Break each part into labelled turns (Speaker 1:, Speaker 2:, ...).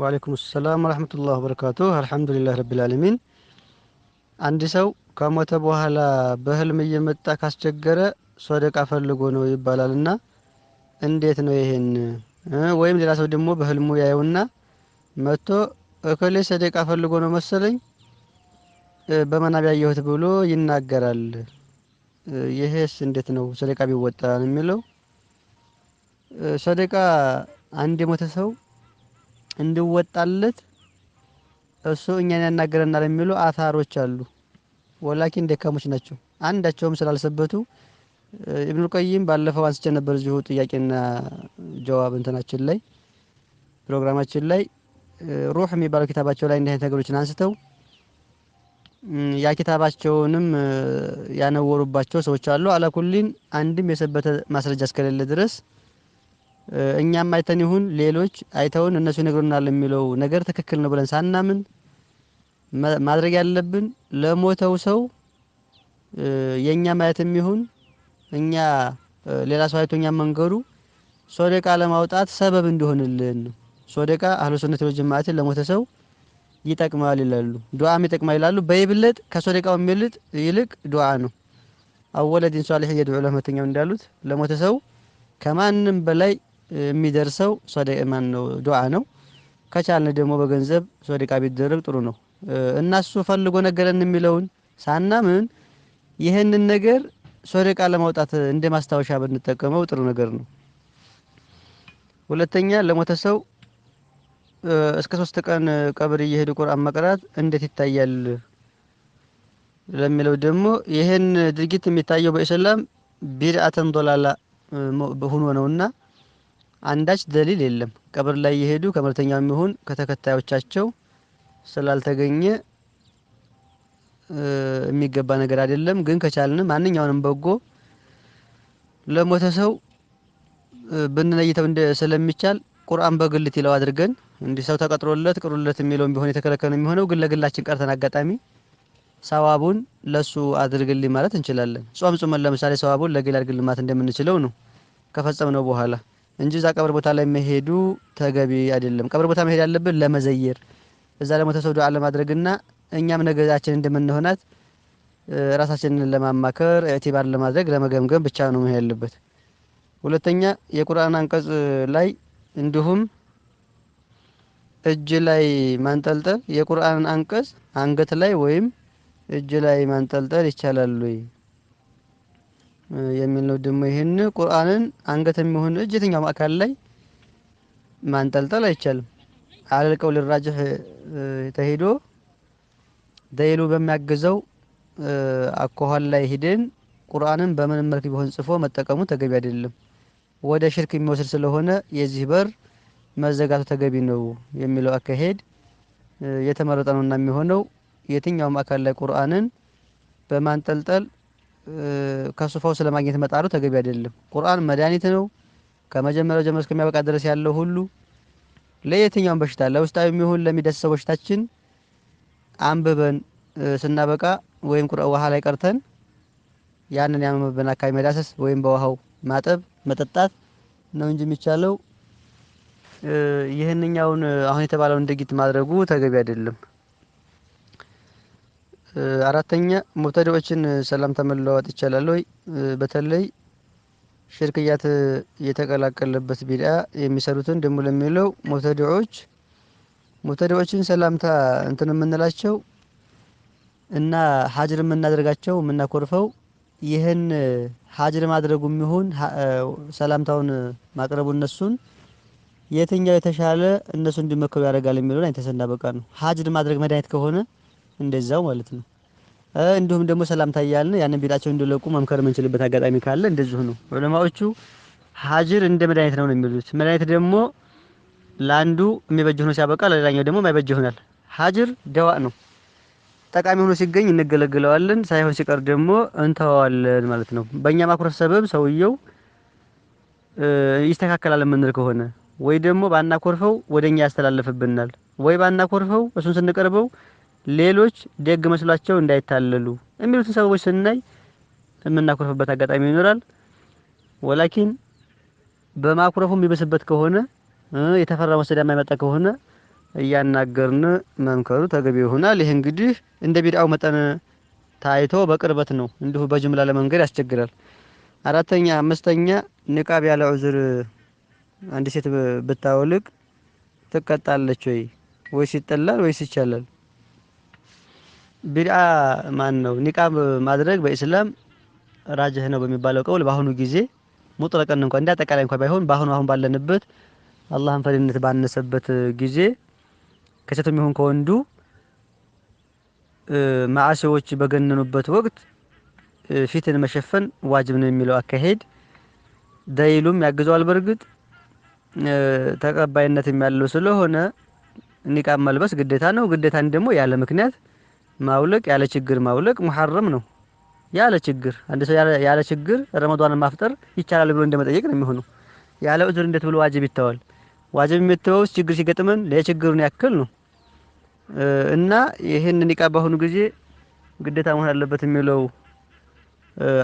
Speaker 1: ወአለይኩም ሰላም ወራህመቱላህ ወበረካቱ። አልሐምዱሊላህ ረቢል ዓለሚን። አንድ ሰው ከሞተ በኋላ በህልም እየመጣ ካስቸገረ ሶደቃ ፈልጎ ነው ይባላልና እንዴት ነው ይሄን? ወይም ሌላ ሰው ደግሞ በህልሙ ያየውና መጥቶ እከሌ ሰደቃ ፈልጎ ነው መሰለኝ በመናብ ያየሁት ብሎ ይናገራል። ይሄስ እንዴት ነው ሰደቃ ቢወጣ የሚለው? ሰደቃ አንድ የሞተ ሰው እንዲወጣለት እሱ እኛን ያናገረናል የሚሉ አታሮች አሉ። ወላኪን ደካሞች ናቸው። አንዳቸውም ስላልሰበቱ ኢብኑል ቀይም ባለፈው አንስቼ ነበር እዚሁ ጥያቄና ጀዋብ እንትናችን ላይ ፕሮግራማችን ላይ ሩህ የሚባለው ኪታባቸው ላይ እንዲህ ነገሮችን አንስተው ያ ኪታባቸውንም ያነወሩባቸው ሰዎች አሉ። አላኩሊን አንድም የሰበተ ማስረጃ እስከሌለ ድረስ እኛም አይተን ይሁን ሌሎች አይተውን እነሱ ይነግሩናል የሚለው ነገር ትክክል ነው ብለን ሳናምን ማድረግ ያለብን ለሞተው ሰው የኛ ማየት የሚሆን እኛ ሌላ ሰው አይቶኛ እኛ መንገሩ ሶደቃ ለማውጣት ሰበብ እንዲሆንልን ነው። ሶደቃ አህሉ ሱነት ወል ጀማዓት ለሞተ ሰው ይጠቅማል ይላሉ። ዱዓም ይጠቅማል ይላሉ። በይብለጥ ከሶደቃው የሚልጥ ይልቅ ዱዓ ነው። አወለዲን ሷሊህ የዱዓ ለመተኛው እንዳሉት ለሞተ ሰው ከማንም በላይ የሚደርሰው ማን ነው ዱዓ ነው። ከቻልን ደግሞ በገንዘብ ሶደቃ ቢደረግ ጥሩ ነው እናሱ ፈልጎ ነገረን የሚለውን ሳናምን ይህንን ነገር ሶደቃ ለማውጣት እንደ ማስታወሻ ብንጠቀመው ጥሩ ነገር ነው። ሁለተኛ ለሞተ ሰው እስከ ሶስት ቀን ቀብር እየሄዱ ቁርአን መቅራት እንዴት ይታያል ለሚለው ደግሞ ይህን ድርጊት የሚታየው በኢስላም ቢድአተን ዶላላ ሆኖ ነውና አንዳች ደሊል የለም። ቀብር ላይ የሄዱ ከመልተኛው የሚሆን ከተከታዮቻቸው ስላልተገኘ የሚገባ ነገር አይደለም። ግን ከቻልን ማንኛውንም በጎ ለሞተ ሰው ብንለይተው ስለሚቻል ቁርአን በግልት ይለው አድርገን እንዲህ ሰው ተቀጥሮለት ቅሩለት የሚለውን ቢሆን የተከለከለ የሚሆነው ግን ለግላችን ቀርተን አጋጣሚ ሰዋቡን ለሱ አድርግልኝ ማለት እንችላለን። ጾም ጾመን ለምሳሌ ሰዋቡን ለግል አድርግልኝ ማለት እንደምንችለው ነው ከፈጸምነው በኋላ እንጂ እዛ ቀብር ቦታ ላይ መሄዱ ተገቢ አይደለም። ቀብር ቦታ መሄድ ያለብን ለመዘየር፣ እዛ ለሞተ ሰው ዱዓ ለማድረግና እኛም ነገዛችን እንደምንሆናት ራሳችንን ለማማከር ኢዕቲባር ለማድረግ ለመገምገም ብቻ ነው መሄድ ያለበት። ሁለተኛ የቁርአን አንቀጽ ላይ እንዲሁም እጅ ላይ ማንጠልጠል የቁርአን አንቀጽ አንገት ላይ ወይም እጅ ላይ ማንጠልጠል ይቻላል ወይ? የሚል ነው። ደግሞ ይህን ቁርአንን አንገት የሚሆን እጅ የትኛውም አካል ላይ ማንጠልጠል አይቻልም። አለልቀው ሊራጅህ ተሄዶ ደይሉ በሚያግዘው አኳኋን ላይ ሂደን ቁርአንን በምን መልክ ቢሆን ጽፎ መጠቀሙ ተገቢ አይደለም፣ ወደ ሽርክ የሚወስድ ስለሆነ የዚህ በር መዘጋቱ ተገቢ ነው የሚለው አካሄድ የተመረጠ ነውና የሚሆነው የትኛውም አካል ላይ ቁርአንን በማንጠልጠል ከሱ ፈውስ ለማግኘት መጣሩ ተገቢ አይደለም። ቁርአን መድኃኒት ነው። ከመጀመሪያው ጀምሮ እስከሚያበቃ ድረስ ያለው ሁሉ ለየትኛውም በሽታ ለውስጣዊ የሚሆን ለሚደሰው በሽታችን አንብበን ስናበቃ ወይም ቁርአን ውሃ ላይ ቀርተን ያንን ያመመብን አካባቢ መዳሰስ ወይም በውሃው ማጠብ መጠጣት ነው እንጂ የሚቻለው ይህንኛውን አሁን የተባለውን ድርጊት ማድረጉ ተገቢ አይደለም። አራተኛ ሙብተዲዎችን ሰላምታ መለዋወጥ ይቻላል ወይ? በተለይ ሽርክያት የተቀላቀለበት ቢድአ የሚሰሩትን ደግሞ ለሚለው ሙብተዲዎች ሙብተዲዎችን ሰላምታ እንትን የምንላቸው እና ሀጅር የምናደርጋቸው የምናኮርፈው ይህን ሀጅር ማድረጉ የሚሆን ሰላምታውን ማቅረቡ እነሱን የትኛው የተሻለ እነሱ እንዲመከሩ ያደርጋል የሚለውን አይተሰና በቃ ነው። ሀጅር ማድረግ መድኃኒት ከሆነ እንደዛው ማለት ነው። እንዲሁም ደግሞ ሰላምታ እያልን ያንን ቢዳቸው እንዲለቁ መምከር የምንችልበት አጋጣሚ ካለ እንደዚሁ ነው። ዑለማዎቹ ሀጅር እንደ መድኃኒት ነው ነው የሚሉት። መድኃኒት ደግሞ ለአንዱ የሚበጅ ሆኖ ሲያበቃ ለሌላኛው ደግሞ የማይበጅ ይሆናል። ሀጅር ደዋ ነው። ጠቃሚ ሆኖ ሲገኝ እንገለግለዋለን፣ ሳይሆን ሲቀር ደግሞ እንተዋዋለን ማለት ነው። በእኛ ማኩረፍ ሰበብ ሰውየው ይስተካከላል የምንል ከሆነ ወይ ደግሞ ባናኮርፈው ወደኛ ያስተላልፍብናል፣ ወይ ባናኮርፈው እሱን ስንቀርበው ሌሎች ደግ መስሏቸው እንዳይታለሉ የሚሉትን ሰበቦች ስናይ የምናኩረፍበት አጋጣሚ ይኖራል። ወላኪን በማኩረፉ የሚበስበት ከሆነ የተፈራ መሰዳ የማይመጣ ከሆነ እያናገርን መምከሩ ተገቢ ይሆናል። ይህ እንግዲህ እንደ ቢድአው መጠን ታይቶ በቅርበት ነው። እንዲሁ በጅምላ ለመንገድ ያስቸግራል። አራተኛ አምስተኛ ንቃብ ያለ ዑዝር አንድ ሴት ብታወልቅ ትቀጣለች ወይ? ወይስ ይጠላል ወይስ ይቻላል? ቢድአ ማን ነው ኒቃብ ማድረግ በኢስላም ራጅህ ነው በሚባለው ቀውል በአሁኑ ጊዜ ሙጥረቀን እንኳን እንደ አጠቃላይ እንኳን ባይሆን በአሁኑ አሁን ባለንበት አላህን ፈሪነት ባነሰበት ጊዜ ከሴቱ ይሁን ከወንዱ ማዓሲዎች በገነኑበት ወቅት ፊትን መሸፈን ዋጅብ ነው የሚለው አካሄድ ደይሉም ያግዘዋል። በእርግጥ ተቀባይነትም ያለው ስለሆነ ኒቃብ መልበስ ግዴታ ነው። ግዴታን ደግሞ ያለ ምክንያት ማውለቅ ያለ ችግር ማውለቅ ሙሐረም ነው። ያለ ችግር አንድ ሰው ያለ ችግር ረመዷንን ማፍጠር ይቻላል ብሎ እንደመጠየቅ ነው የሚሆነው። ያለ ዑዝር እንዴት ብሎ ዋጅብ ይተዋል? ዋጅብ የሚተወውስ ችግር ሲገጥመን ለችግሩን ያክል ነው። እና ይህን ኒቃብ በአሁኑ ጊዜ ግዴታ መሆን አለበት የሚለው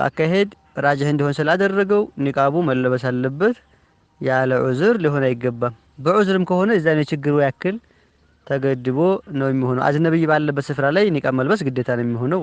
Speaker 1: አካሄድ ራጅህ እንዲሆን ስላደረገው ኒቃቡ መለበስ አለበት። ያለ ዑዝር ሊሆን አይገባም። በዑዝርም ከሆነ የዛን ችግሩ ያክል ተገድቦ ነው የሚሆነው። አጅነብይ ባለበት ስፍራ ላይ ኒቃብ መልበስ ግዴታ ነው የሚሆነው።